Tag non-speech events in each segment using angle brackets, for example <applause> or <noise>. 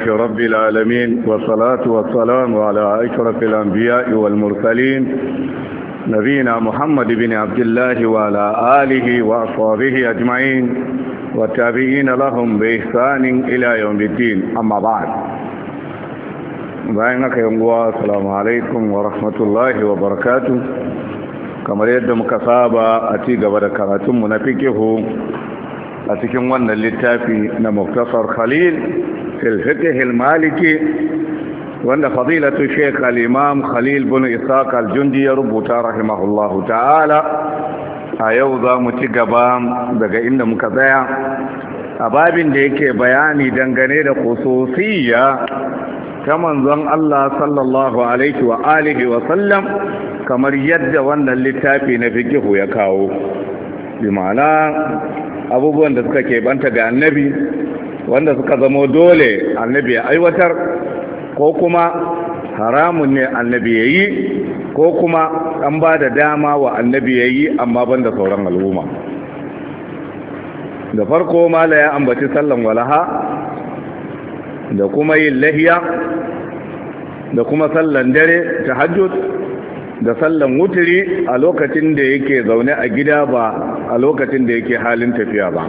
رب العالمين والصلاة والسلام على أشرف الأنبياء والمرسلين نبينا محمد بن عبد الله وعلى آله وأصحابه أجمعين والتابعين لهم بإحسان إلى يوم الدين أما بعد بينك يوم السلام عليكم ورحمة الله وبركاته كما يدم كصابة أتيق بركاتم منافقه a cikin wannan littafi na muktasar khalil fil maliki wanda fadilatu shaykh al imam khalil bin isaq al jundi ya rubuta rahimahullahu ta'ala a yau za mu ci gaba daga inda muka tsaya a babin da yake bayani dangane da khususiyya ta manzon Allah sallallahu alaihi wa alihi wa sallam kamar yadda wannan littafi na Fikihu ya kawo bi ma'ana abubuwan da suka ke keɓanta ga annabi wanda suka zamo dole annabi ya aiwatar ko kuma haramun ne annabi ya yi ko kuma an ba da dama wa annabi ya yi amma ban da sauran al'umma da farko mala ya ambaci sallan walaha da kuma yin lahiya da kuma sallan dare ta da sallan wuturi a lokacin da yake zaune a gida ba a lokacin da yake halin tafiya ba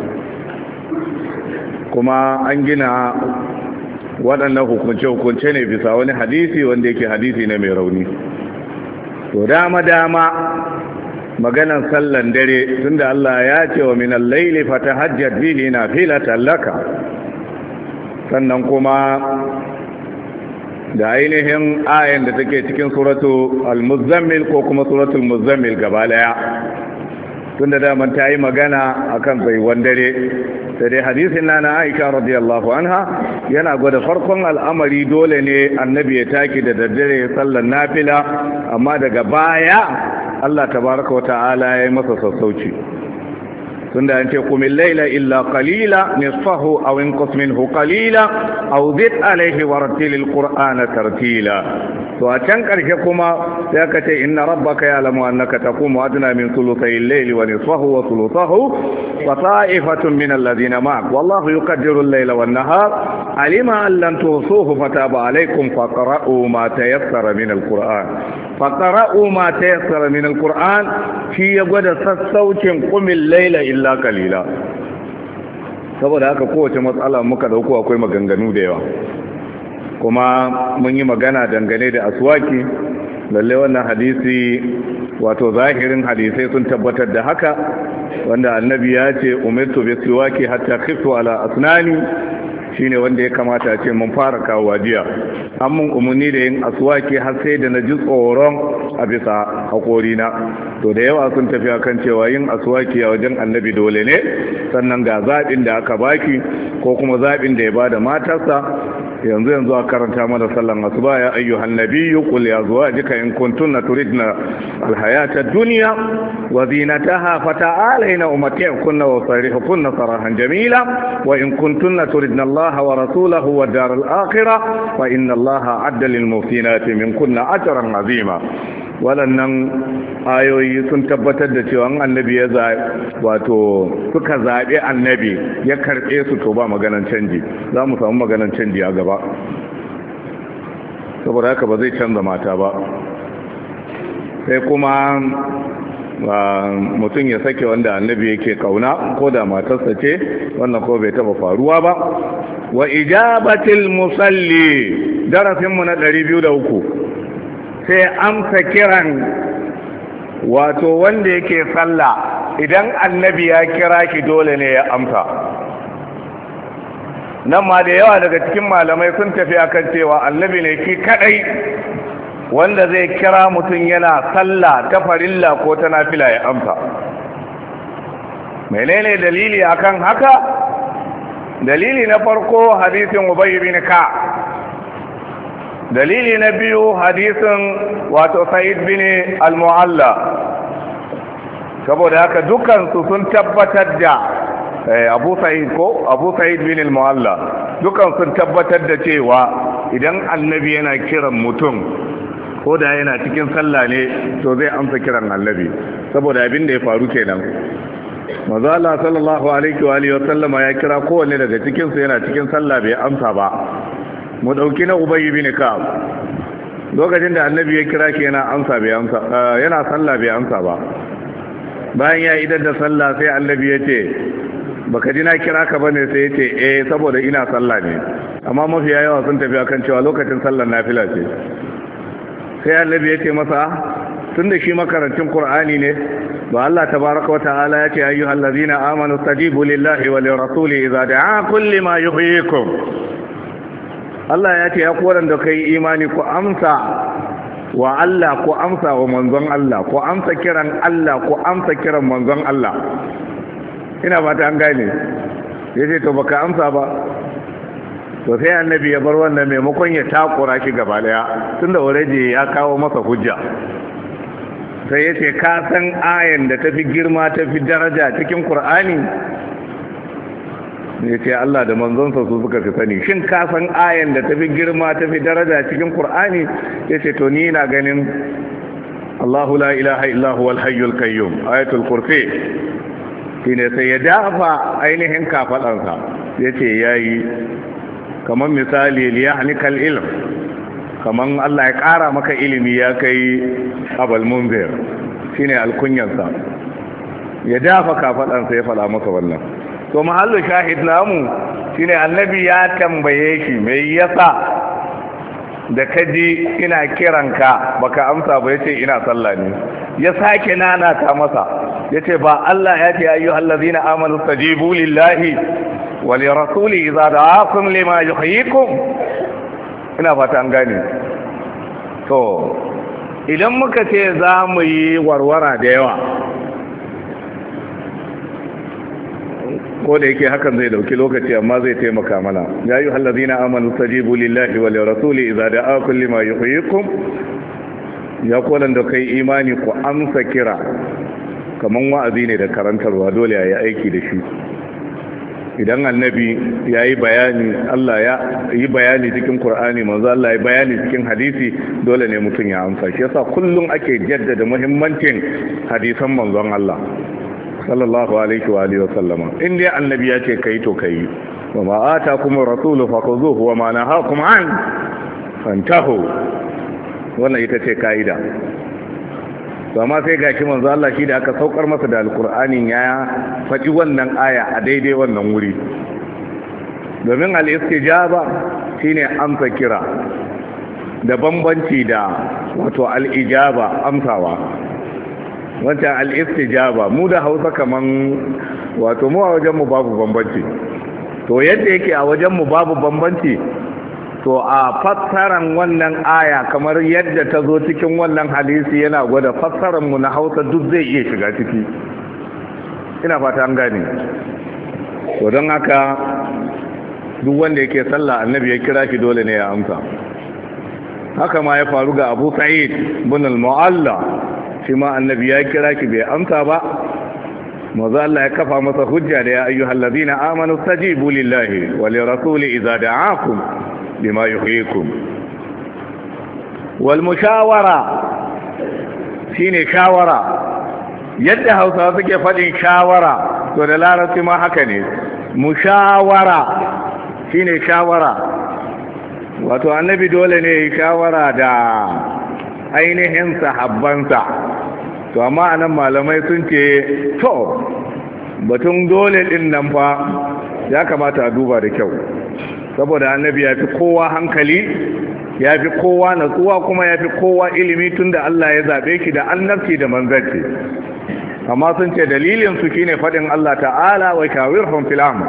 kuma an gina waɗannan hukunce-hukunce ne bisa wani hadisi wanda yake hadisi na mai rauni to dama-dama maganan sallan dare tunda Allah ya ce wa minan laili fata hajjar bihi na fila tallaka sannan kuma da ainihin ayan da take cikin suratu al-muzammil ko kuma suratul muzammil gaba daya tun da daman ta yi magana a kan baiwan dare da dai hadisin na na aika radiyallahu anha yana gwada farkon al'amari dole ne annabi ya taki da daddare sallar nafila amma daga baya Allah ta baraka wa ta'ala ya yi masa sassauci tunda an ce kumin laila illa qalila nisfahu aw inqus minhu qalila aw zid alayhi warattil alqur'ana tartila to a can karshe kuma sai aka ce inna rabbaka ya'lamu annaka taqumu adna min thuluthay al-layli wa nisfahu wa thuluthahu wa ta'ifatun min alladhina ma'ak wallahu yuqaddiru al-layla wan nahar alima an lan tuhsuhu fataba alaykum faqra'u ma tayassara min alqur'an faƙara'u ma ta yassara min alƙur'an shi ya gwada sassaucin kumin laila illa kalila saboda haka kowace matsala muka dauko akwai maganganu da yawa kuma mun yi magana dangane da aswaki lalle wannan hadisi wato zahirin hadisai sun tabbatar da haka wanda annabi ya ce umirtu bi siwaki hatta khiftu ala asnani shine wanda ya kamata ce mun fara kawo jiya an mun umarni da yin aswaki har sai da na ji tsoron a bisa na to da yawa sun tafi kan cewa yin aswaki a wajen annabi dole ne sannan ga zaɓin da aka baki ko kuma zaɓin da ya bada matarsa yanzu yanzu a karanta mana sallan asuba ya ayyuhan nabiyyu qul ya zawajika in kuntunna turidna alhayata dunya wa zinataha fata'alayna kunna wa sarihu kunna sarahan jamila wa in kuntunna turidna allaha wa rasulahu wa daral akhirah fa inna allaha 'adda lil min kunna ajran 'azima waɗannan ayoyi sun tabbatar da cewa annabi ya wato suka zaɓe annabi ya karɓe su to ba maganan canji za mu samu maganan canji a gaba saboda haka ba zai canza mata ba sai kuma mutum ya sake wanda annabi yake kauna ko da matarsa ce wannan ko bai taba faruwa ba wa ijabatil musalli darasinmu na 203 sai amsa kiran wato wanda yake sallah idan annabi ya kira ki dole ne ya amsa nan ma da yawa daga cikin malamai sun tafi akan cewa annabi ne ki kadai wanda zai kira mutum yana sallah ta farilla ko ta nafila ya amsa menene dalili akan haka dalili na farko hadisin ubay bin ka dalili na biyu hadisin wato sa'id bin al-mu'alla saboda haka dukansu sun tabbatar da eh, abu sa'id ko abu sa'id bin al-mu'alla dukan sun tabbatar da cewa idan annabi yana kiran mutum ko da yana cikin sallah ne to zai amsa kiran annabi saboda abin da ya faru kenan manzo Allah sallallahu alaihi wa alihi wa sallama ya kira kowanne daga cikin su yana cikin sallah bai amsa ba mu dauki na ubayy bin ka'ab lokacin da annabi ya kira shi yana amsa bai amsa eh, yana sallah bai amsa ba bayan ya idar da sallah sai annabi ya ce baka ji na kira ka bane sai ya ce eh saboda ina sallah ne amma mafi yawa sun tafi akan cewa lokacin sallar nafila ce sai annabi ya ce masa tun da shi makarantun qur'ani ne ba Allah tabaraka wa ta'ala ya ce zina amanu stajibu lillahi wa lirrasuli idza da'akum lima yuhyikum Allah ya ce ya koran da kai imani ku amsa wa Allah ku amsa wa manzon Allah ku amsa kiran Allah ku amsa kiran manzon Allah ina fata an gane ya ce to baka amsa ba to sai annabi ya bar wannan maimakon ya takura shi gaba daya tunda wuraje ya kawo masa hujja sai ya ce ka san ayan da tafi girma tafi daraja cikin Qur'ani ya ce Allah da manzonsa su suka fi sani shin ka san ayan da tafi girma tafi daraja cikin Kur'ani? ya ce to ni na ganin Allahu la ilaha illa huwal hayyul qayyum ayatul kursi shine sai ya dafa ainihin kafadansa ya ce yayi kamar misali liyahlikal ilm kaman Allah ya kara maka ilimi ya kai abal munzir shine alkunyansa ya dafa kafadansa ya fada maka wannan to mahallin shahid namu shine annabi ya tambaye shi me yasa da kaji ina kiranka baka amsa ba yace ina sallah ne ya sake nana ta masa yace ba Allah ya ce ayyuhal ladzina amanu tajibu lillahi wa lirasuli idza da'akum lima yuhyikum ina fata an gane to idan muka ce za mu yi warwara da yawa ko da yake hakan zai dauki lokaci amma zai taimaka mana ya yi hallazina amanu sajibu lillahi wa lirasuli idza da'akum lima yuhyikum ya kolan da kai imani ku amsa kira kaman wa'azi ne da karantarwa dole yayi aiki da shi idan annabi yayi bayani Allah ya yi bayani cikin Qur'ani manzo Allah ya bayani cikin hadisi dole ne mutum ya amsa shi yasa kullum ake jaddada muhimmancin hadisan manzon Allah sallallahu alaihi wa alihi in dai annabi ya ce kai to kai wa ma atakum rasulu fakhuzuhu wa ma nahakum an fantahu wannan ita ce kaida to amma sai gashi manzo Allah shi da aka saukar masa da alqur'anin ya faɗi wannan aya a daidai wannan wuri domin al-istijaba shine amsa kira da bambanci da wato al-ijaba amsawa wancan istijaba mu da hausa kaman wato mu a wajenmu babu bambanci to yadda yake a wajenmu babu bambanci to a fassaran wannan aya kamar yadda ta zo cikin wannan hadisi yana gwada fassaranmu na hausa duk zai iya shiga ciki ina fata an gane to don haka duk wanda yake sallah annabi ya kira shi dole ne ya amsa haka ma ya faru ga abu sa'id bin al-mu'alla shi ma annabi ya kira ki bai amsa ba maza Allah ya kafa masa hujja da ya ayyuhal ladina amanu stajibu lillahi wa lirasuli idza da'akum lima yuhyikum Walmushawara shi ne shawara yadda Hausawa suke fadin shawara to da larabci ma haka ne mushawara shi ne shawara wato annabi dole ne shawara da ainihin sahabbansa to amma anan malamai sun ce to batun dole din nan fa ya kamata a duba da kyau saboda annabi ya fi kowa hankali ya fi kowa natsuwa kuma ya fi kowa ilimi tunda Allah ya zaɓe ki da annabci da manzanci amma sun ce dalilin su shine faɗin Allah ta'ala wa kawirhum fil amr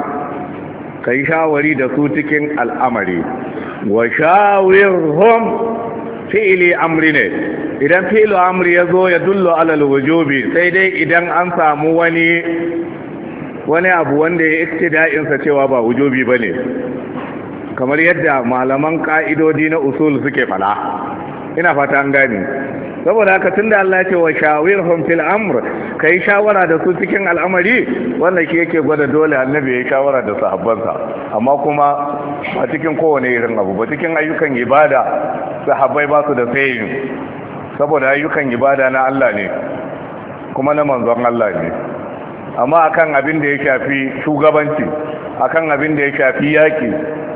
kai shawari da su cikin al'amari wa shawirhum fi'ili amri ne idan fi'ili amri ya zo ya dullo alal wujubi sai dai idan an samu wani wani abu wanda ya iktida'insa cewa ba wujubi ba ne kamar yadda malaman ka'idodi na usul suke fala ina fata an gane saboda haka tunda Allah ya ce wa shawirhum fil amr kai shawara da su cikin al'amari wannan shi yake gwada dole annabi ya shawara da sahabbansa amma kuma a cikin kowane irin abu ba cikin ayyukan ibada sahabbai ba su da sayin saboda ayyukan ibada na Allah ne kuma na manzon Allah ne amma akan abin da ya shafi shugabanci akan abin da ya shafi yaki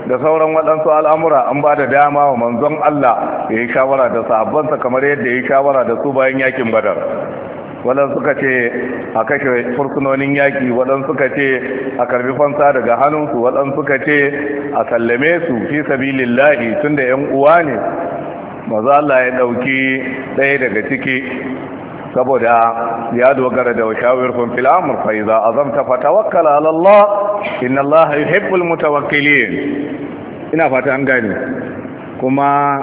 da sauran waɗansu al'amura an ba da dama wa manzon Allah ya yi shawara da sahabbansa kamar yadda ya yi shawara da su bayan yakin badar waɗansu suka ce a kashe fursunonin yaƙi waɗansu suka ce a karbi fansa daga hannunsu waɗansu suka ce a sallame su fi sabilillahi tun da ‘yan uwa ne maza Allah ya ɗauki ɗaya daga ciki saboda ya dogara da washawirkum fil amr fa idza azamta fatawakkal ala Allah inna Allah yuhibbul mutawakkilin ina fata an gane kuma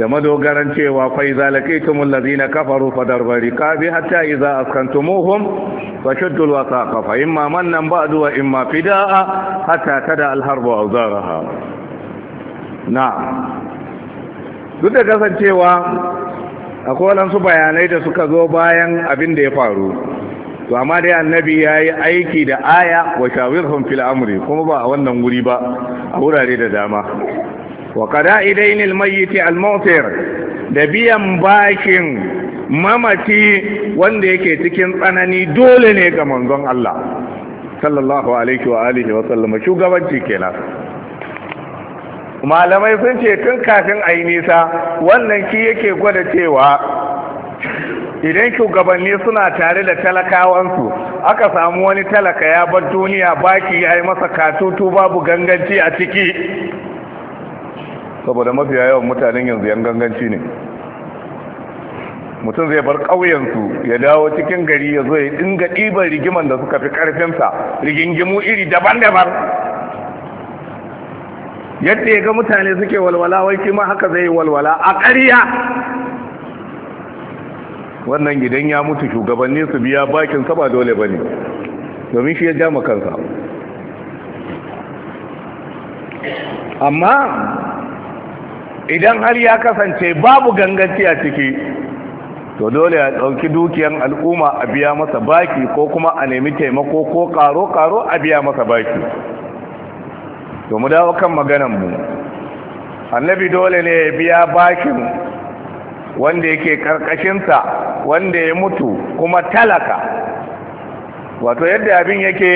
da madogaran cewa fa idza laqaytumul ladina kafaru fadarbu riqabi hatta idza askantumuhum fashuddul wasaqa fa imma mannan ba'du wa imma fidaa hatta tada al harbu awzaraha Na. duk da kasancewa akwai waɗansu bayanai da suka zo bayan abin da ya faru to amma dai annabi ya yi aiki da aya wa shawirhum fil amri kuma ba a wannan wuri ba a wurare da dama wa qada'idain al mayyit al mu'tir da biyan bakin mamaci wanda yake cikin tsanani dole ne ga manzon Allah sallallahu alaihi wa alihi wa sallama shugabanci kenan malamai sun ce tun kafin a yi nisa wannan ki yake gwada cewa idan shugabanni suna tare da talakawansu aka samu wani talaka ya bar duniya baki ya yi masa katutu babu ganganci a ciki saboda mafiya yawan mutanen yanzu yan ganganci ne mutum zai bar ƙauyensu ya dawo cikin gari ya zo ya dinga ɗiban rigiman da suka fi ƙarfinsa rigingimu iri daban-daban yadda ya ga mutane suke walwala wai kima haka zai walwala a ƙarya wannan gidan ya mutu shugabanni su biya bakin saba dole bane domin shi ya ja kansa amma idan har ya kasance babu ganganci a ciki to dole a ɗauki dukiyan al'umma a biya masa baki ko kuma a nemi taimako ko karo-karo a biya masa baki to mu dawo kan mu annabi dole ne ya biya bakin wanda yake karkashinsa wanda ya mutu kuma talaka wato yadda abin yake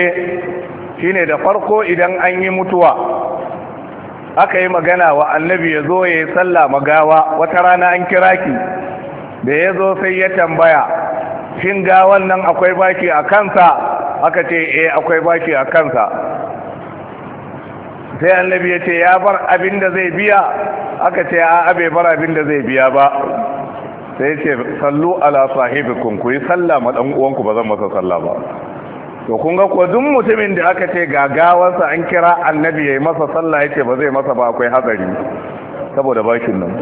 shine da farko idan an yi mutuwa aka yi magana wa annabi ya zo ya yi tsalla magawa wata rana an kira ki da ya zo sai ya tambaya shin gawan nan akwai baki a kansa aka ce eh akwai baki a kansa sai annabi ya ce ya bar abin da zai biya aka ce a bai bar abin da zai biya ba sai ce sallu ala sahibikum ku yi sallah ma dan uwanku ba zan masa sallah ba to kun ga ko duk mutumin da aka ce gagawarsa an kira annabi yayi masa sallah yace ba zai masa ba akwai hatsari saboda bakin nan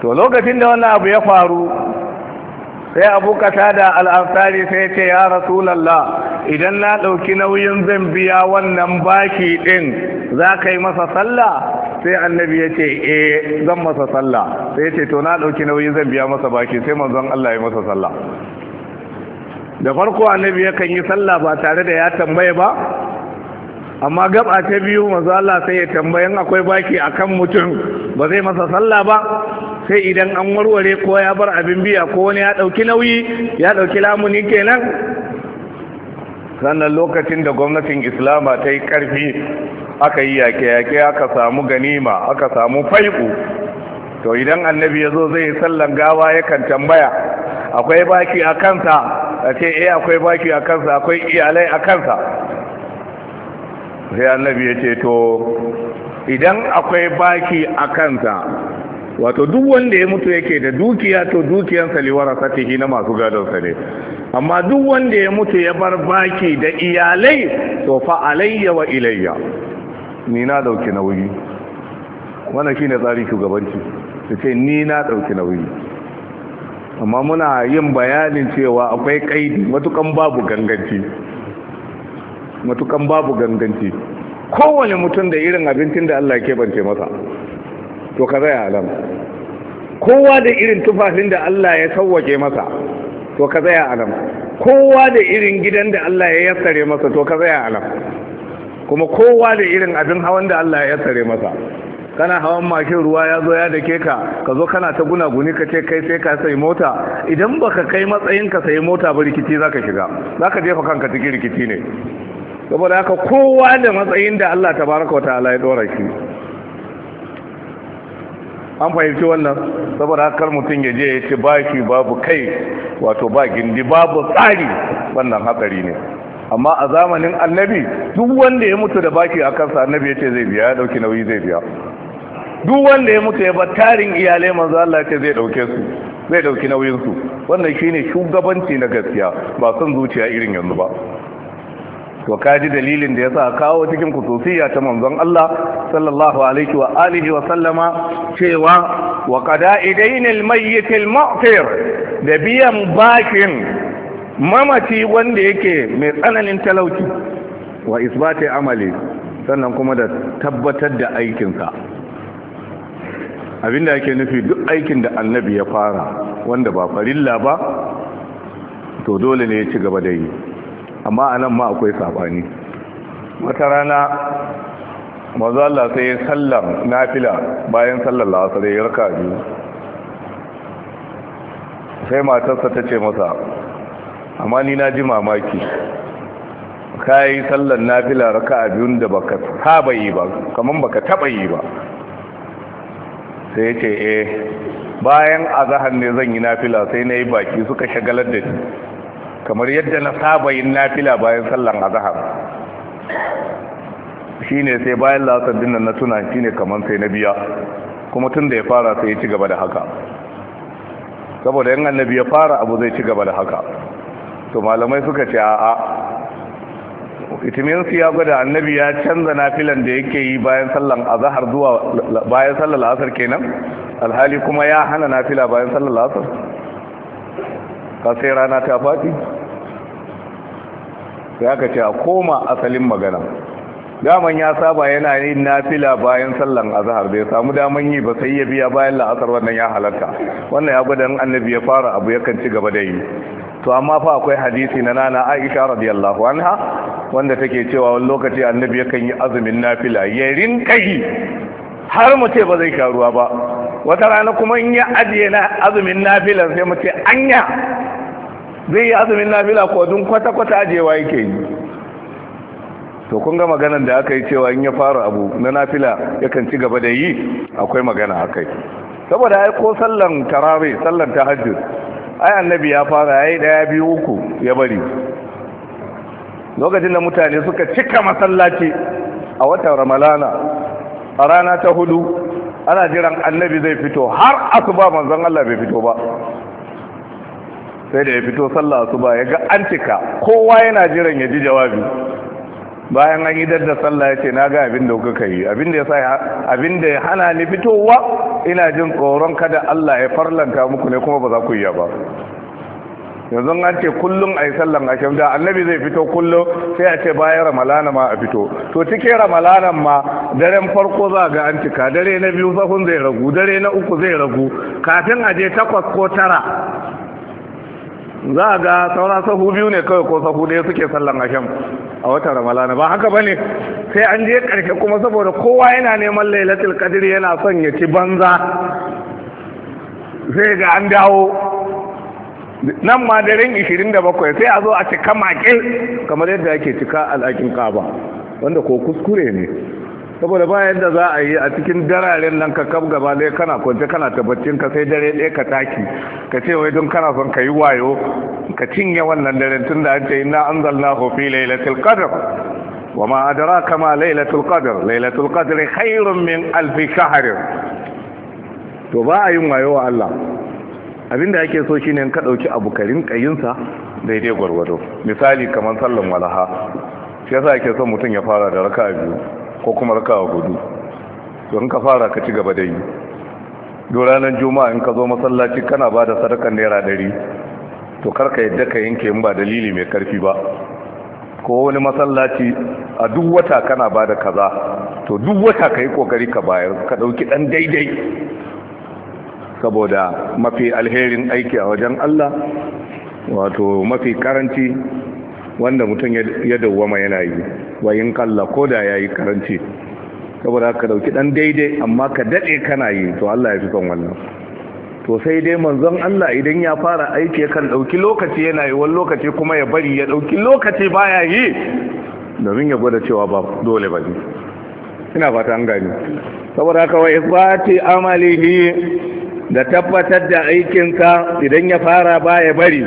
to lokacin da wannan abu ya faru sai abu kata da al'amsari sai ce ya rasulallah idan na ɗauki nauyin zan biya wannan baki ɗin za ka yi masa sallah sai annabi ya ce e zan masa sallah sai ya ce to na ɗauki nauyin zan biya masa baki sai manzon Allah ya masa sallah da farko annabi yakan yi sallah ba tare da ya tambaye ba amma gaba ta biyu manzo Allah sai ya in akwai baki akan mutum ba zai masa sallah ba sai idan an warware ko ya bar abin biya ko wani ya ɗauki nauyi ya ɗauki lamuni kenan sannan lokacin da gwamnatin islama ta yi ƙarfi aka yi yaƙe-yaƙe aka samu ganima aka samu fai'u to idan annabi ya zo zai sallan gawa yakan tambaya akwai baki a kansa a ce e akwai baki a kansa akwai iyalai a kansa sai annabi ya ce to idan akwai baki a kansa wato duk wanda ya mutu yake da dukiya to dukiyansa liwara satihi na masu gadonsa ne amma duk wanda ya mutu ya bar baki da iyalai to fa alayya wa ilayya ni na dauki nauyi wannan shine tsari shugabanci sai ce ni na dauki nauyi amma muna yin bayanin cewa akwai kaidi matukan babu ganganci matukan babu ganganci kowane mutum da irin abincin da Allah ke bance masa to ka zai alam kowa da irin tufafin da Allah ya sauwake masa to ka tsaya a kowa da irin gidan da Allah ya yassare masa to ka tsaya a kuma kowa da irin abin hawan da Allah ya yassare masa kana hawan mashin ruwa ya zo ya dake ka ka zo kana ta guna guni ka ce kai sai ka sai mota idan baka kai matsayin ka sai mota ba rikici zaka shiga zaka jefa kanka cikin rikici ne saboda haka kowa da matsayin da Allah tabaraka wa ta'ala ya dora shi an fahimci wannan saboda haka mutum ya je ya ci bashi babu kai wato ba gindi babu tsari wannan hatsari ne amma a zamanin annabi duk wanda ya mutu da baki a kansa annabi ya ce zai biya ya dauki nauyi zai biya duk wanda ya mutu ya bar tarin iyalai manzo Allah ya ce zai dauke su zai dauki nauyin su wannan shine shugabanci na gaskiya ba son zuciya irin yanzu ba to ka ji dalilin da ya sa kawo cikin kususiya ta manzon Allah sallallahu alaihi wa alihi wa sallama cewa wa qada'idain al-mayyit al-mu'tir da biyan bakin mamaci wanda yake mai tsananin talauci wa isbati amali sannan kuma da tabbatar da aikinsa abinda ake nufi duk aikin da annabi ya fara wanda ba farilla ba to dole ne ya ci gaba da yi amma a nan ma akwai saɓani wata rana mazu sai ya sallar nafila bayan sallar la'asar ya yarka biyu sai matarsa ta ce masa amma ni na ji mamaki ka yi sallar nafila raka a biyun da baka taba yi ba kamar baka taba yi ba sai ya ce eh bayan zahar ne zan yi nafila sai na yi baki suka shagalar da ni kamar yadda na saba yin nafila bayan sallan azhar shine sai bayan lasar dinnan na tuna shine kamar sai na biya kuma tun da ya fara sai ya ci gaba da haka saboda yan annabi ya fara abu zai ci gaba da haka to malamai suka ce a'a su ya gwada annabi ya canza nafilan da yake yi bayan sallan azhar zuwa bayan sallan asar kenan alhali kuma ya hana nafila bayan sallan asar ka sai rana ta Fati? Ya aka ce a koma asalin magana daman ya saba yana yin nafila bayan sallan azhar ya samu daman yi ba sai ya biya bayan la'asar wannan ya halarta wannan ya gudan annabi ya fara abu yakan ci gaba da yi to amma fa akwai hadisi na nana Aisha radiyallahu anha wanda take cewa wani lokaci annabi yakan yi azumin nafila ya rinka har mu ce ba zai karuwa ba wata rana kuma in ya ajiye na azumin nafilan sai mu ce anya zai yi azumin nafila ko dun kwata-kwata ajewa yake yi to kun ga maganar da aka yi cewa in ya fara abu na nafila yakan ci gaba da yi akwai magana kai. saboda ai ko sallan tarawe sallan tahajjud ai annabi ya fara yayi daya biyu uku ya bari lokacin da mutane suka cika masallaci a watan ramalana a rana ta hudu ana jiran annabi zai fito har asuba manzon Allah bai fito ba sai da ya fito sallah asuba ya ga an cika kowa yana jiran ya ji jawabi bayan an yi dadda sallah ya ce na ga abin da kuka yi abin da ya sa ya hana ni fitowa ina jin tsoron kada Allah ya farlanta muku ne kuma ba za ku iya ba yanzu an ce kullum a yi sallan a da annabi zai fito kullum sai a ce bayan ramalana ma a fito to cike ramalana ma daren farko za ga an cika dare na biyu sahun zai ragu dare na uku zai ragu kafin a je takwas ko tara za a ga saura sahu biyu ne kawai ko sahu ɗaya suke sallan ashen, a watan ramalana ba haka bane sai an je karshe. kuma saboda kowa yana neman lailatul kadiri yana son ya ci banza sai ga an dawo nan ma daren 27 sai a zo a cika makil kamar yadda ake cika al'akin kaba wanda ko kuskure ne saboda bayan da za a yi a cikin dararen nan ka kaf gaba dai kana kwance kana tabbacin ka sai dare ɗaya ka taki ka ce wai don kana son ka yi wayo ka cinye wannan dare tun da an ce inna anzalnahu fi lailatul qadr wa ma adara kama lailatul qadr lailatul qadr khairun min alf shahr to ba a yin wayo wa Allah Abin da yake so shine ka dauki abu karin kayinsa daidai gwargwado misali kamar sallan walaha shi yasa yake son mutum ya fara da raka'a biyu ko kuma rakawa gudu to in ka fara ka ci gaba da yi duk ranar juma'a in ka zo masallaci kana ba da sadakar naira ɗari to karka yadda ka yanke in ba dalili mai karfi ba ko wani masallaci a duk wata kana ba da kaza to duk wata ka yi kokari ka bayar ka ɗauki ɗan daidai saboda mafi alherin aiki a wajen Allah wato mafi karanci wanda mutum ya dawwama yana yi wa yin kalla ko da ya yi karanci saboda ka dauki dan daidai amma ka dade kana yi to Allah ya fi son wannan to sai dai manzon Allah idan ya fara aiki kan dauki lokaci yana yi wani lokaci kuma ya bari ya dauki lokaci baya yi domin ya gwada cewa ba dole ba ne ina fata an gani saboda ka wai fati amalihi da tabbatar da aikinka idan ya fara baya bari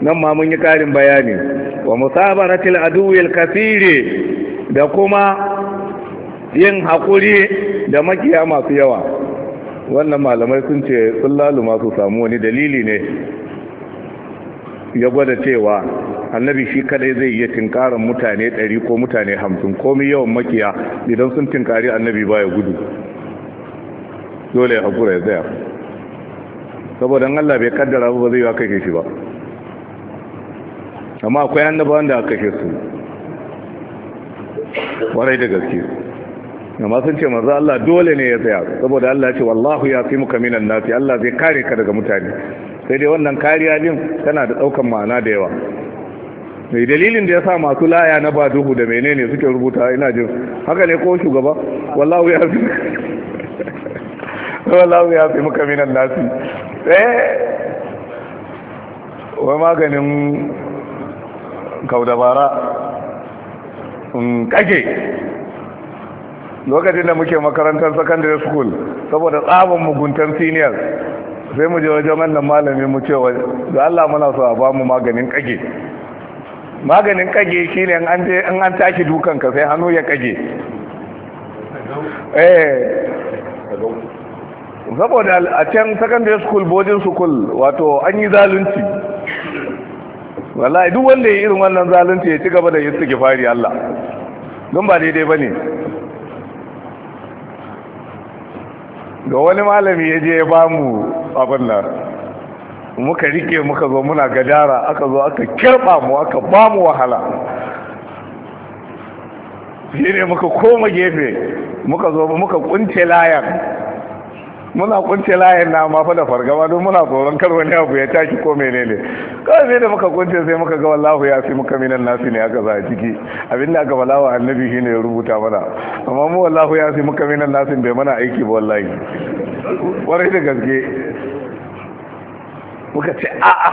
nan ma mun yi karin bayani wa musabaratil aduwil kafiri da kuma yin haƙuri da makiya masu yawa wannan malamai sun ce sun laluma su samu wani dalili ne ya gwada cewa annabi shi kadai zai iya tinkarin mutane 100 ko mutane 50 komai yawan makiya idan sun tinkari annabi baya gudu dole ya haƙura ya tsaya saboda Allah bai kaddara ba zai yi wa kai shi ba amma akwai annabawan da aka kashe su warai da gaske amma sun ce maza Allah dole ne ya tsaya saboda Allah ce wallahu ya fi muka minan nasi Allah zai kare ka daga mutane sai dai wannan kariya din tana da daukan ma'ana da yawa mai dalilin da ya sa masu laya na ba duhu da menene suke rubuta ina jin haka ne ko shugaba wallahu ya fi <laughs> wallahu ya fi muka minan nasi eh wai maganin kaudabara in kage lokacin da muke makarantar secondary school saboda tsabon muguntan senior sai mu je wajen wannan malami mu ce wa da Allah muna so a bamu maganin kage maganin kage shine in an in an taki dukan ka sai hannu ya kage eh saboda a can secondary school boarding school wato an yi zalunci wallahi duk wanda ya irin wannan zalunci ya ci gaba da fari Allah don ba daidai ba ne. ga wani malami ya je ya bamu abin nan muka rike muka zo muna gadara aka zo aka kirba mu aka bamu wahala shi ne muka koma gefe muka zo muka kunce layan muna kunce layin na mafi fa da fargaba don muna tsoron kar wani abu ya tashi ko menene kawai sai da muka kunce sai muka ga wallahu ya fi muka minan nasi ne aka za a ciki abin da aka bala wa annabi shine ya rubuta mana amma mu wallahu ya fi muka minan nasi bai mana aiki ba wallahi warai da gaske muka ce a'a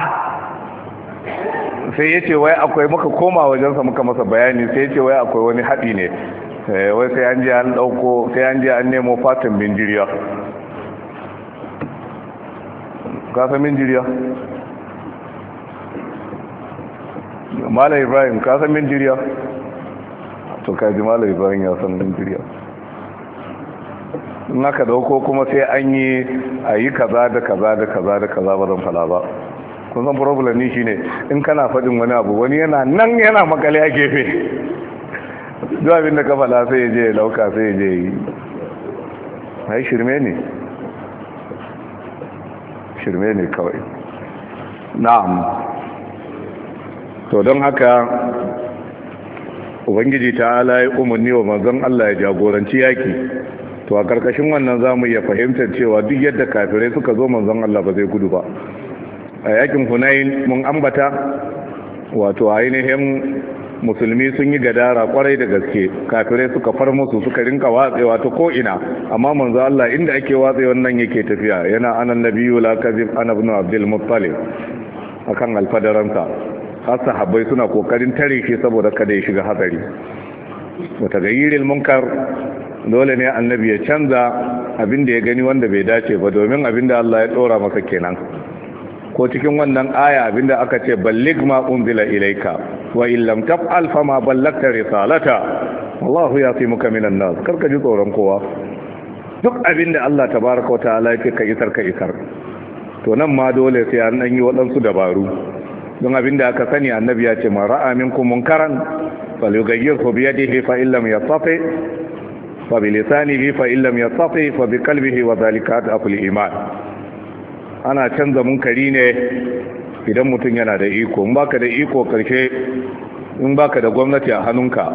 sai ya ce wai akwai muka koma wajensa muka masa bayani sai ya ce wai akwai wani haɗi ne eh, wai sai an je an ɗauko sai an je an nemo fatin binjiriya ka san jiriya malam ibrahim ka san jiriya to kaji malam ibrahim ya san min jiriya in aka dauko kuma sai an yi a yi kaza da kaza da kaza da kaza ba zan fada ba kun san problem ni shine in kana faɗin wani abu wani yana nan yana makale a gefe zuwa abinda da ka fada sai ya je ya lauka sai ya je yi ai shirme ne shirme ne kawai na'am to don haka ubangiji ta halaye umarni wa manzon Allah ya jagoranci yaki to a karkashin wannan za mu iya fahimtar cewa duk yadda kafirai suka zo manzon Allah ba zai gudu ba a yakin hunayin mun ambata wato ainihin musulmi sun yi gadara kwarai da gaske kafirai suka far musu suka rinka watsewa ta ko'ina amma manzo Allah inda ake watsa wannan yake tafiya yana anan nabiyyu la kazib ana ibn abdul muttalib akan alfadaransa har sahabbai suna kokarin tare shi saboda kada ya shiga hatsari wata gayyiril munkar dole ne annabi ya canza abin da ya gani wanda bai dace ba domin abin da Allah ya dora masa kenan ko cikin wannan aya abinda aka ce ballig ma unzila ilaika wa illam taf'al fama ballagta risalata wallahu muka minan nas karka ji tsoron kowa duk abinda Allah tabaraka wa ta'ala ya ce ka isar ka isar to nan ma dole sai an dan yi waɗansu dabaru don abinda aka sani annabi ya ce ma ra'a minkum munkaran falyughayyirhu bi yadihi fa illam yastati fa bi lisanihi fa illam yastati fa bi qalbihi wa dhalika aqli iman ana canza munkari ne idan mutum yana da iko in baka da iko karshe in baka da gwamnati a hannunka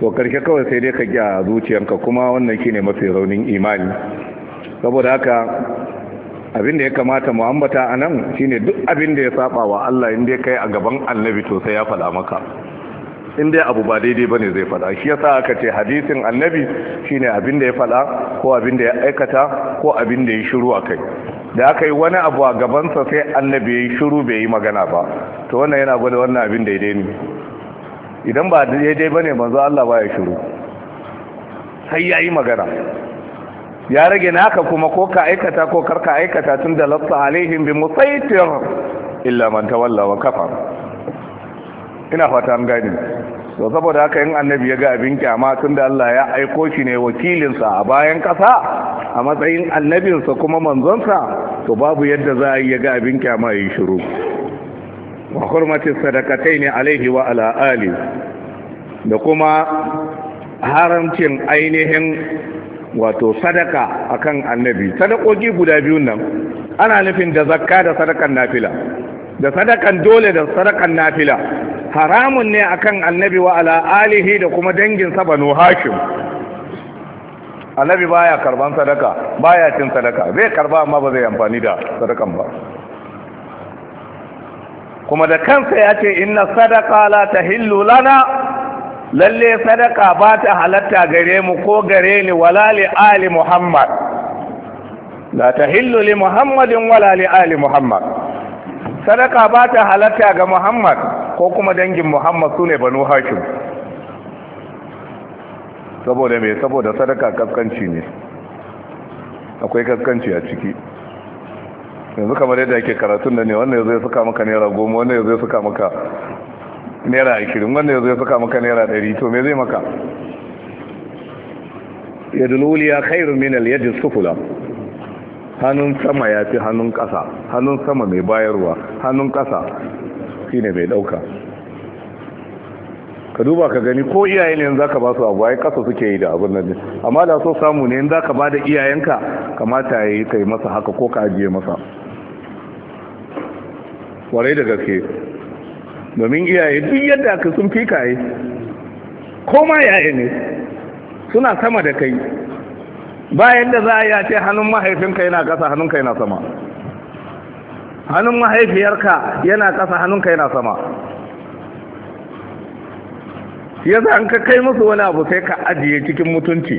to karshe kawai sai dai ka gya zuciyanka kuma wannan shine mafi raunin imani saboda haka abin da ya kamata mu ambata anan shine duk abin da ya saba wa Allah in dai kai a gaban annabi to sai ya fada maka in dai abu ba daidai bane zai fada shi yasa aka ce hadisin annabi shine abin da ya faɗa ko abin da ya aikata ko abin da ya shiru kai. da aka yi wani abu a gabansa sai annabi ya yi shiru bai yi magana ba to wannan yana gwada wannan abin daidai ne idan ba daidai ba ne manzo Allah ba ya shiru sai ya yi magana ya rage naka kuma ko ka aikata ko karka aikata tun da lafsa alaihim bi musaitir illa man tawalla wa kafa ina fata an gani to saboda haka yin annabi ya ga abin kyama tun da Allah ya aiko shi ne wakilinsa a bayan ƙasa a matsayin annabinsa kuma manzonsa to babu yadda za a yi ya ga abin kyama yi shiru wa hurmatin sadakatai ne alaihi wa ala da kuma haramcin ainihin wato sadaka akan annabi sadakoki guda biyun nan ana nufin da zakka da sadakan nafila da sadakan dole da sadakan nafila haramun ne akan annabi wa ala alihi da kuma danginsa banu hashim annabi baya karban sadaka baya cin sadaka zai karba amma ba zai amfani da sadakan ba kuma da kansa ya ce inna sadaka la tahillu lana lalle sadaka ba ta halatta gare mu ko gare ni wala li ali muhammad la tahillu li muhammadin wala li ali muhammad sadaka ba ta halatta ga muhammad ko kuma dangin muhammad su ne banu hashim saboda mai saboda sadaka kaskanci ne akwai kaskanci a ciki yanzu kamar yadda ake karatun da ne wannan ya zai suka maka naira goma wannan ya zai suka maka naira ashirin wannan ya zai suka maka naira ɗari to me zai maka yadululiya khairun min al-yadi sufula hannun sama ya fi hannun ƙasa hannun sama mai bayarwa hannun ƙasa shi ne mai ɗauka ka duba ka gani ko iyayen ne za ka ba su abuwa ya kasa suke yi da abin nan amma da so samu ne za ka ba da iyayenka kamata ya yi kai masa haka ko ka ajiye masa warai da gaske domin iyaye duk yadda ka sun fi kaye ko ma yaye ne suna sama da kai bayan da za a yi a ce hannun mahaifinka yana hannun hannunka yana sama hannun mahaifiyarka yana ƙasa hannunka yana sama yasa an ka kai musu wani abu sai ka ajiye cikin mutunci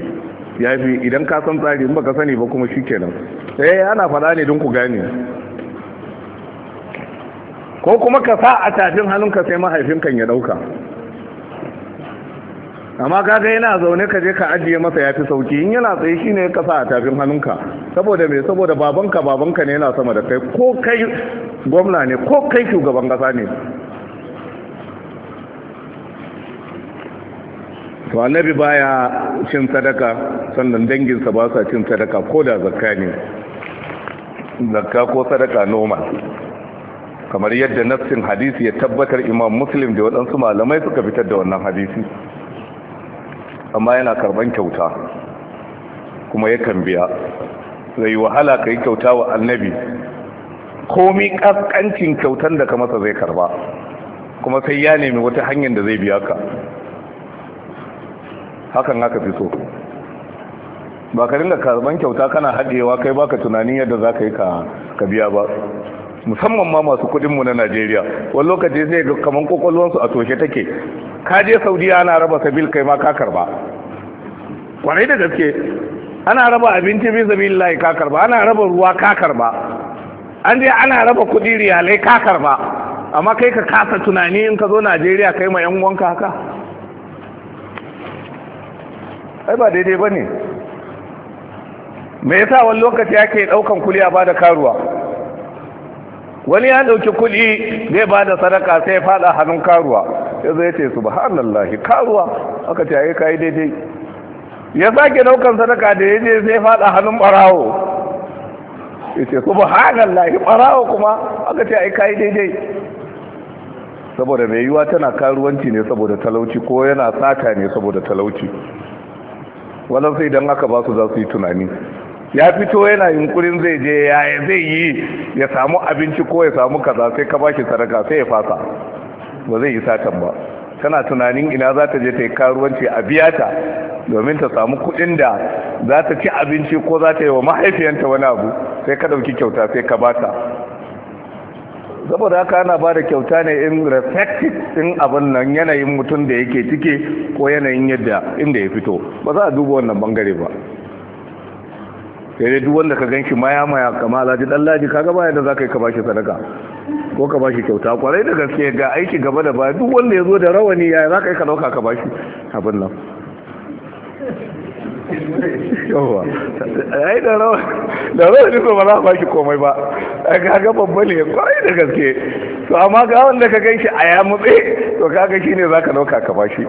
ya fi idan ka san tsari in baka sani ba kuma shi kenan sai eh, ana faɗa ne don ku gane ko kuma ka sa a tafin hannunka sai mahaifinkan ya ɗauka amma kaga yana zaune ka je ka ajiye masa ya fi sauki in yana tsaye shi ne ka sa a tafin hannunka saboda me saboda babanka babanka ne yana sama da kai ko kai gwamna ne ko kai shugaban kasa ne to annabi baya cin sadaka sannan danginsa ba sa cin sadaka ko da zakka ne zakka ko sadaka noma kamar yadda nassin hadisi ya tabbatar imam muslim da waɗansu malamai suka fitar da wannan hadisi amma yana karban kyauta kuma yakan biya zai wahala ka yi kyauta wa annabi komi kaskancin kyautan da ka masa zai karba kuma sai ya nemi wata hanyar da zai biya ka hakan haka fi so ba ka dinga karban kyauta kana haɗewa kai baka tunanin yadda za ka yi ka biya ba musamman ma masu kudin mu na Najeriya wani lokaci zai ga kaman kokolwan su a toshe take ka je Saudiya ana raba sabil kai ma ka karba kwarai da gaske ana raba abinci bi sabilillahi ka karba ana raba ruwa ka karba an je ana raba kudi riyalai ka karba amma kai ka kasa tunani in ka zo Najeriya kai ma yan uwanka haka ai ba daidai bane me yasa wani lokaci ake daukan kuliya ba da karuwa wani ya dauki kuɗi zai ba da sadaka sai fada hannun karuwa ya zai ce subhanallahi karuwa aka ce ayi kai daidai ya sake daukan sadaka da ya je sai fada hannun barawo ya ce subhanallahi barawo kuma aka ce ayi kai daidai saboda mai yiwa tana karuwanci ne saboda talauci ko yana sata ne saboda talauci wannan sai idan aka ba su za su yi tunani ya fito yana yunkurin zai je yaya zai yi ya samu abinci ko ya samu kaza sai ka bashi sadaka sai ya fasa ba zai yi satan ba tana tunanin ina za ta je ta yi karuwanci a biya ta domin ta samu kuɗin da za ta ci abinci ko za ta yi wa mahaifiyanta wani abu sai ka ɗauki kyauta sai ka bata saboda haka ana ba da kyauta ne in respected in abin nan yanayin mutum da yake cike ko yanayin yadda inda ya fito ba za a duba wannan bangare ba sai dai duk wanda ka ganshi maya maya kama alhaji dan laji kaga baya da ka yi ka bashi sadaka ko ka bashi kyauta kwarai da gaske ga aiki gaba da baya duk wanda ya zo da rawani ya ka yi ka dauka ka bashi abin nan yawa ai da rawani. da rawani ne ba za a bashi komai ba ga babba ne kwarai da gaske to amma ga wanda ka ganshi a ya mutse to kaga shine ka dauka ka bashi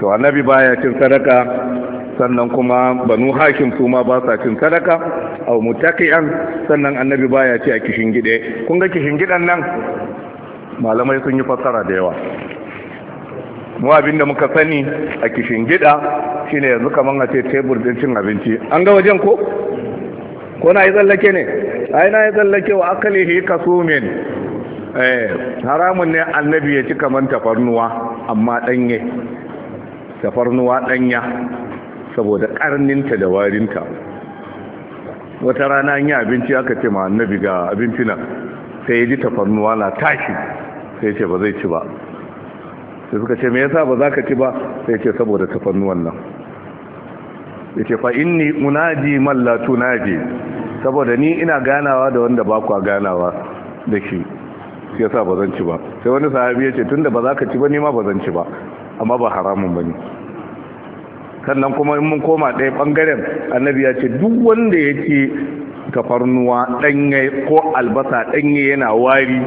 to annabi baya cin sadaka sannan kuma banu hakim su ma ba sa cin sadaka a mutaqiyan sannan annabi baya ci a kishin gide kun ga kishin gidan nan malamai sun yi fassara da yawa mu abinda muka sani a kishin gida shine yanzu kaman a ce tebur din cin abinci an ga wajen ko ko na yi tsallake ne ai na yi tsallake wa akalihi kasumin eh haramun ne annabi ya ci kaman tafarnuwa amma danye tafarnuwa danya saboda karninta da warinta wata rana an yi abinci aka ce ma annabi ga abinci nan sai ya ji tafarnuwa na tashi sai ce ba zai ci ba sai suka ce me yasa ba za ka ci ba sai ce saboda tafarnuwan nan ya ce fa inni unaji na ji saboda ni ina ganawa da wanda ba kwa ganawa da shi sai yasa ba zan ci ba sai wani sahabi ya ce tunda ba za ka ci ba ni ma ba zan ci ba amma ba haramun ba ne sannan kuma in mun koma ɗaya ɓangaren annabi ya ce duk wanda ya ce tafarnuwa ɗanye ko albasa ɗanye yana wari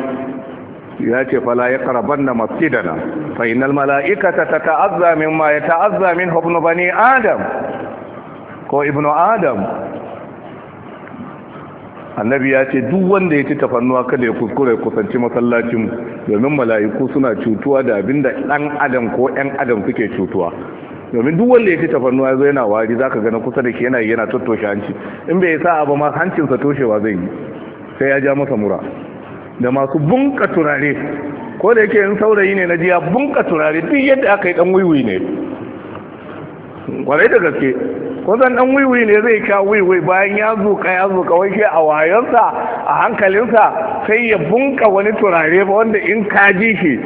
ya ce fala ya karaban na masjidana fainal mala'ikata ta ta'azza min ma ya ta'azza min bani adam ko ibnu adam annabi ya ce duk wanda ya ci tafannuwa kada ya kuskure kusanci masallacin domin mala'iku suna cutuwa da abinda ɗan adam ko 'yan adam suke cutuwa domin duk wanda ya ci tafarnuwa zai yana wari za ka gana kusa da ke yana yana tattoshe hanci in bai sa ba ma hancinsa toshewa zai yi sai ya ja masa mura da masu bunka turare ko da yake yin saurayi ne na jiya bunka turare duk yadda aka yi dan wiwi ne kwarai da gaske kusan dan wiwi ne zai sha wiwi bayan ya zuka ya zuka wai shi a wayonsa a hankalinsa sai ya bunka wani turare ba wanda in ka ji shi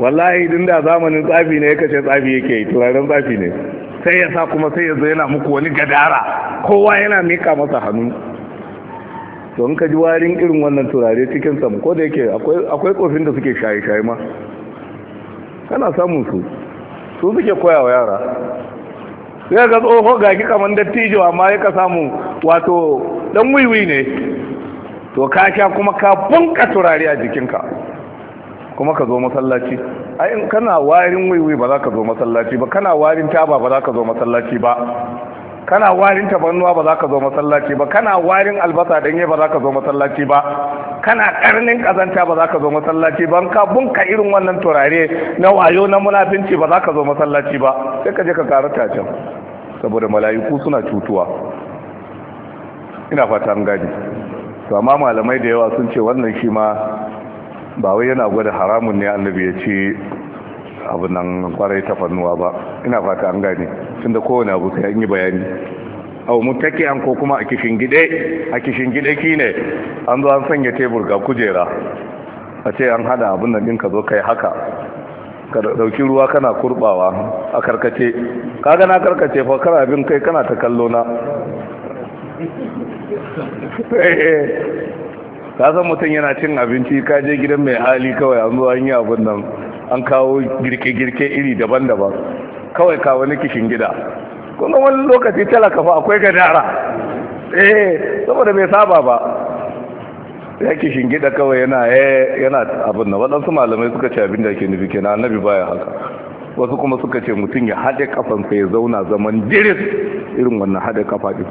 wallahi din da zamanin tsafi ne ya kashe tsafi yake yi turaren tsafi ne sai ya sa kuma sai ya zo yana muku wani gadara kowa yana mika masa hannu to in ka ji warin irin wannan turare cikin sam ko da yake akwai kofin da suke shaye-shaye ma kana samun su su suke koya wa yara sai ga tsoho ga ki kamar dattijo amma ya ka samu wato dan wiwi ne to ka sha kuma ka bunka turare a jikinka kuma ka zo masallaci ai in kana warin waiwai ba za ka zo masallaci ba kana warin taba ba za ka zo masallaci ba kana warin tabannuwa ba za ka zo masallaci ba kana warin albasa danye ba za ka zo masallaci ba kana karnin kazanta ba za ka zo masallaci ba ka bunka irin wannan turare na wayo na munafinci ba za ka zo masallaci ba sai ka je ka karata can saboda mala'iku suna cutuwa ina fata an gadi to amma malamai da yawa sun ce wannan shi ma ba wai yana gwada haramun ne annabi ya ce abu nan kwarai ta fannuwa ba ina fata an gane tun da kowane abu sai an yi bayani mu take an ko kuma a kishin gide a kishin gide ki ne an zo an sanya tebur ga kujera a ce an hada abin nan ka zo kai haka ka dauki ruwa kana kurbawa a karkace kaga na karkace fa kana abin kai kana ta kallo na <laughs> eh, eh. ka san mutum yana cin abinci ka je gidan mai hali kawai an zo an yi abin nan an kawo girke-girke iri daban-daban kawai ka wani kishin gida kuma wani lokaci talaka fa akwai gadara eh saboda bai saba ba ya kishin gida kawai yana eh, yana abin nan waɗansu malamai suka ce abin da ke nufi kenan annabi baya haka wasu kuma suka ce mutum ya haɗe kafansa ya zauna zaman diris irin wannan haɗe kafa ɗin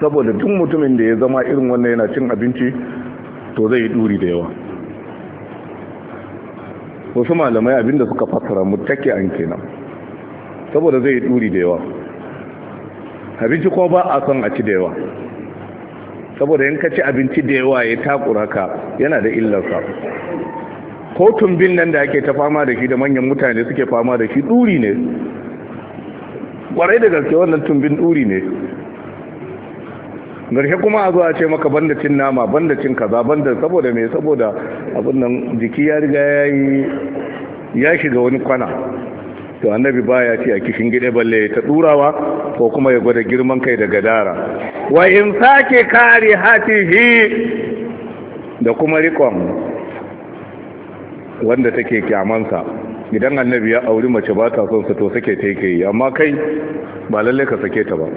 saboda duk mutumin da ya zama irin wannan yana cin abinci to zai yi duri da yawa wasu malamai abinda suka fassara mutake an kenan saboda zai yi duri da yawa abinci ko ba a son a ci da yawa saboda yanka ci abinci da yawa ya takura ka yana da illarsa ko tumbin nan da ake ta fama da shi da manyan mutane suke fama da shi duri ne kwarai da gaske wannan tumbin duri ne garshe kuma a zuwa ce maka banda cin nama banda cin kaza banda saboda mai saboda abin nan jiki ya riga ya yi ya shiga wani kwana to annabi baya ce a kishin gida balle ta durawa ko kuma ya gwada girman kai daga dara. wa in sake kare hatihi da kuma rikon wanda take kyamansa idan annabi ya auri mace ba ta son sa to sake ta yi. amma kai ba lalle ka sake ta ba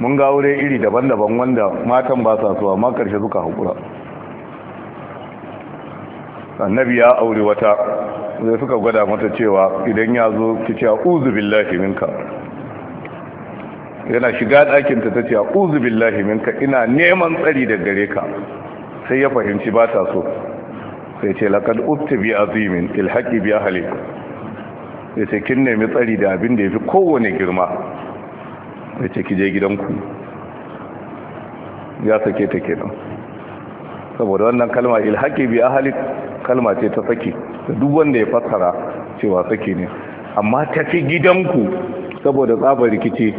mun ga aure iri daban-daban wanda matan ba sa suwa ma karshe suka haƙura annabi ya aure wata zai suka gwada mata cewa idan ya zo ta ce uzu billahi minka yana shiga ɗakinta ta ce uzu billahi minka ina neman tsari da gare ka sai ya fahimci ba ta so sai ce laƙad ubta bi azimin ilhaƙi bi ahalik sai kin nemi tsari da abin da ya fi kowane girma ya ce ki je gidanku ya sake ta kenan saboda wannan kalma ilhaki bi ahli kalma ce ta saki da duk wanda ya fassara cewa saki ne amma tafi gidanku saboda tsabar rikici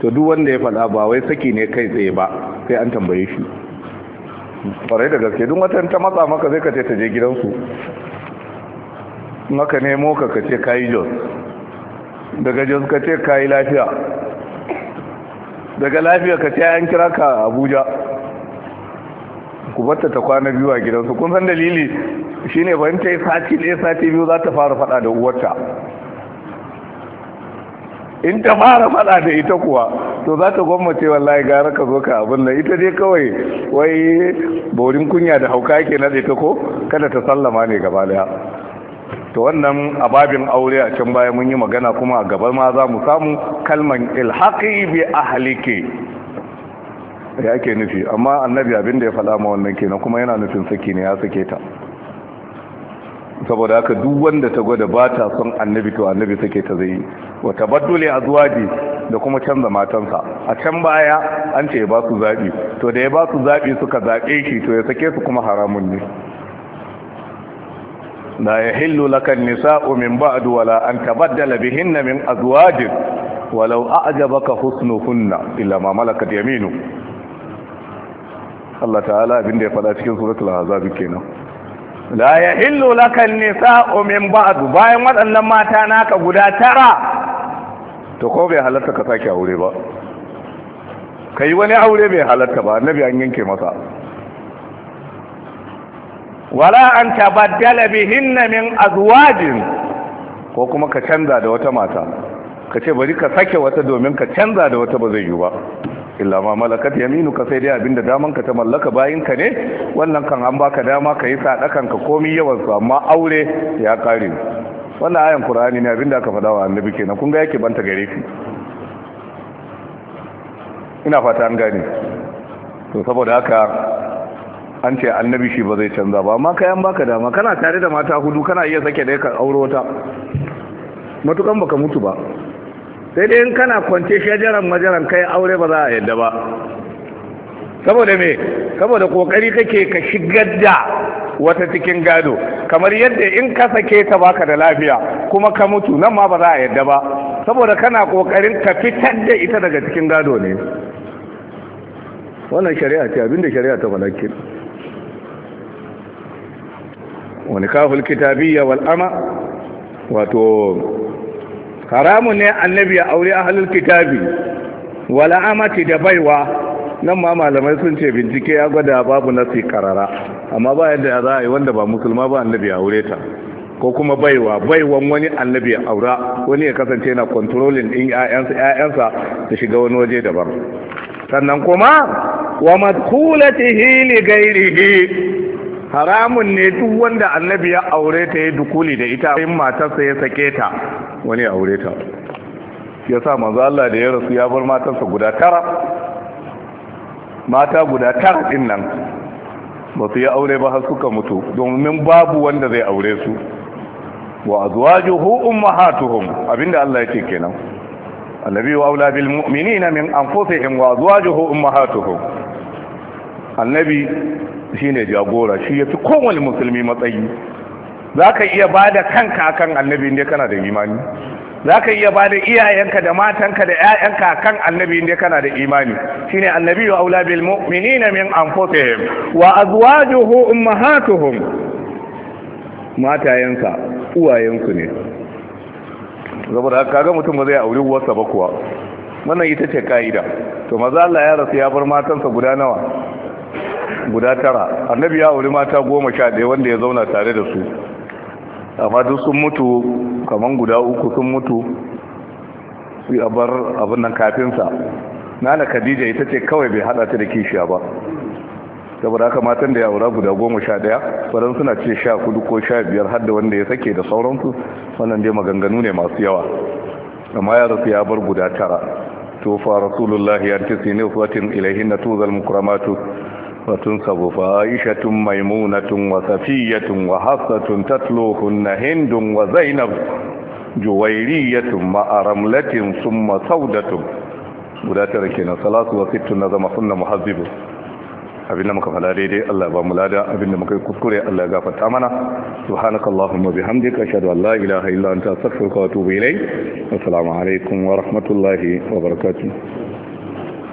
to duk wanda ya fada ba wai saki ne kai tsaye ba sai an tambaye shi farai da gaske duk wata ta matsa maka zai ka ce ta je gidansu maka nemo ka ka ce kayi jos daga jos ka ce kayi lafiya daga lafiya ka ce an kira ka abuja ku batta ta kwana biyu a gidansu kun san dalili shi ne bayan ta yi sati ɗaya sati biyu za ta fara faɗa da uwarta in ta fara faɗa da ita kuwa to za ta gwammace wallahi gara ka zo ka abin nan ita dai kawai wai borin kunya da hauka yake naɗe ta ko kada ta sallama ne gaba daya to wannan a babin aure a can baya mun yi magana kuma a gaba ma za mu samu kalman ilhaqi bi halike ya ke nufi amma annabi abin da ya faɗa ma wannan kenan kuma yana nufin saki ne ya sake ta saboda haka duk wanda ta gwada ba ta son annabi to annabi sake ta zai wa zuwa ji da kuma canza matansa a can baya an ce ya ba su zaɓi to da ya ba su zaɓi suka zaɓe shi to ya sake su kuma haramun ne la yahillu laka nisa'u min ba'd wala an tabaddala bihinna min azwajin walau a'jabaka husnuhunna illa ma malakat yaminu Allah ta'ala abinda ya faɗa cikin suratul ahzab kenan la yahillu laka nisa'u min ba'd bayan waɗannan mata naka guda tara to ko bai halatta ka sake aure ba kai wani aure bai halarta, ba annabi an yanke masa wala an tabaddala bihin min azwajin ko kuma ka canza da wata mata ka ce bari ka sake wata domin ka canza da wata ba zai yi ba illa ma malakat yaminu ka sai dai abinda daman ka ta mallaka bayin ka ne wannan kan an baka dama ka yi sadakan ka komi yawan su amma aure ya kare wannan ayan qur'ani ne abinda aka faɗa wa annabi kenan kun ga yake banta gare ki ina fata an gane to saboda haka an ce annabi shi ba zai canza ba amma kayan baka dama kana tare da mata hudu kana iya sake da ka auro ta matukan baka mutu ba sai dai in kana kwance shajaran majaran kai aure ba za a yadda ba saboda me saboda kokari kake ka shigar da wata cikin gado kamar yadda in ka sake ta baka da lafiya kuma ka mutu nan ma ba za a yadda ba saboda kana kokarin ka fitar da ita daga cikin gado ne wannan shari'a ce abinda shari'a ta faɗa wani kahul kitabiyya wal'ama? wato haramun ne annabi ya aure halin kitabi wal amati da baiwa nan ma malamai sun ce bincike ya gwada babu nasi karara amma ba yadda za a yi wanda ba musulma ba annabi ya aure ta ko kuma baiwa baiwan wani annabi ya aura wani ya kasance na controlling ɗin 'ya'yansa ƴaƴansa ta shiga wani waje daban sannan kuma wa madkhulatihi li ghairihi haramun ne duk wanda annabi ya aure ta ya dukuli da ita in matarsa ya sake ta wani ya aure ta ya sa manzo Allah da ya rasu ya bar matarsa guda tara mata guda tara din nan ba su yi aure ba har suka mutu domin babu wanda zai aure su wa azwajuhu ummahatuhum abinda Allah yake kenan annabi wa aula bil mu'minina min anfusihim wa azwajuhu ummahatuhum annabi shi ne jagora shi ya fi kowane musulmi matsayi Za ka iya ba da kanka kakan annabi inda kana da imani Za ka iya ba da iyayenka da matanka da 'ya'yanka kan annabi inda kana da imani Shi ne annabi wa aula bil mu'minina min anfusihim wa azwajuhu ummahatuhum matayensa uwayensu ne saboda haka kaga mutum ba zai aure uwarsa ba kuwa wannan ita ce ka'ida to maza Allah ya rasu ya bar matansa guda nawa guda tara annabi ya auri mata goma sha ɗaya wanda ya zauna tare da su amma duk sun mutu kamar guda uku sun mutu su a bar abin nan kafinsa nana khadija ita ce kawai bai hada ta da kishiya ba saboda haka matan da ya aura guda goma sha ɗaya faran suna ce sha kudu ko sha biyar har da wanda ya sake da sauransu wannan dai maganganu ne masu yawa amma ya rasu ya bar guda tara rasulullahi ya ce sinin fatin ilahi na tuzal mukramatu خمسة صفائشة ميمونة وصفية وحفصة تتلوهن هند وزينب جويرية مع رملة ثم سودة guda tara na salatu wa sittu na zama sunna muhazzibu abinda muka fada daidai Allah ba mu lada abinda muka yi kuskure Allah ya gafarta mana subhanakallahumma bihamdika ashhadu an la ilaha illa anta astaghfiruka wa atubu ilayk assalamu alaikum wa rahmatullahi wa barakatuh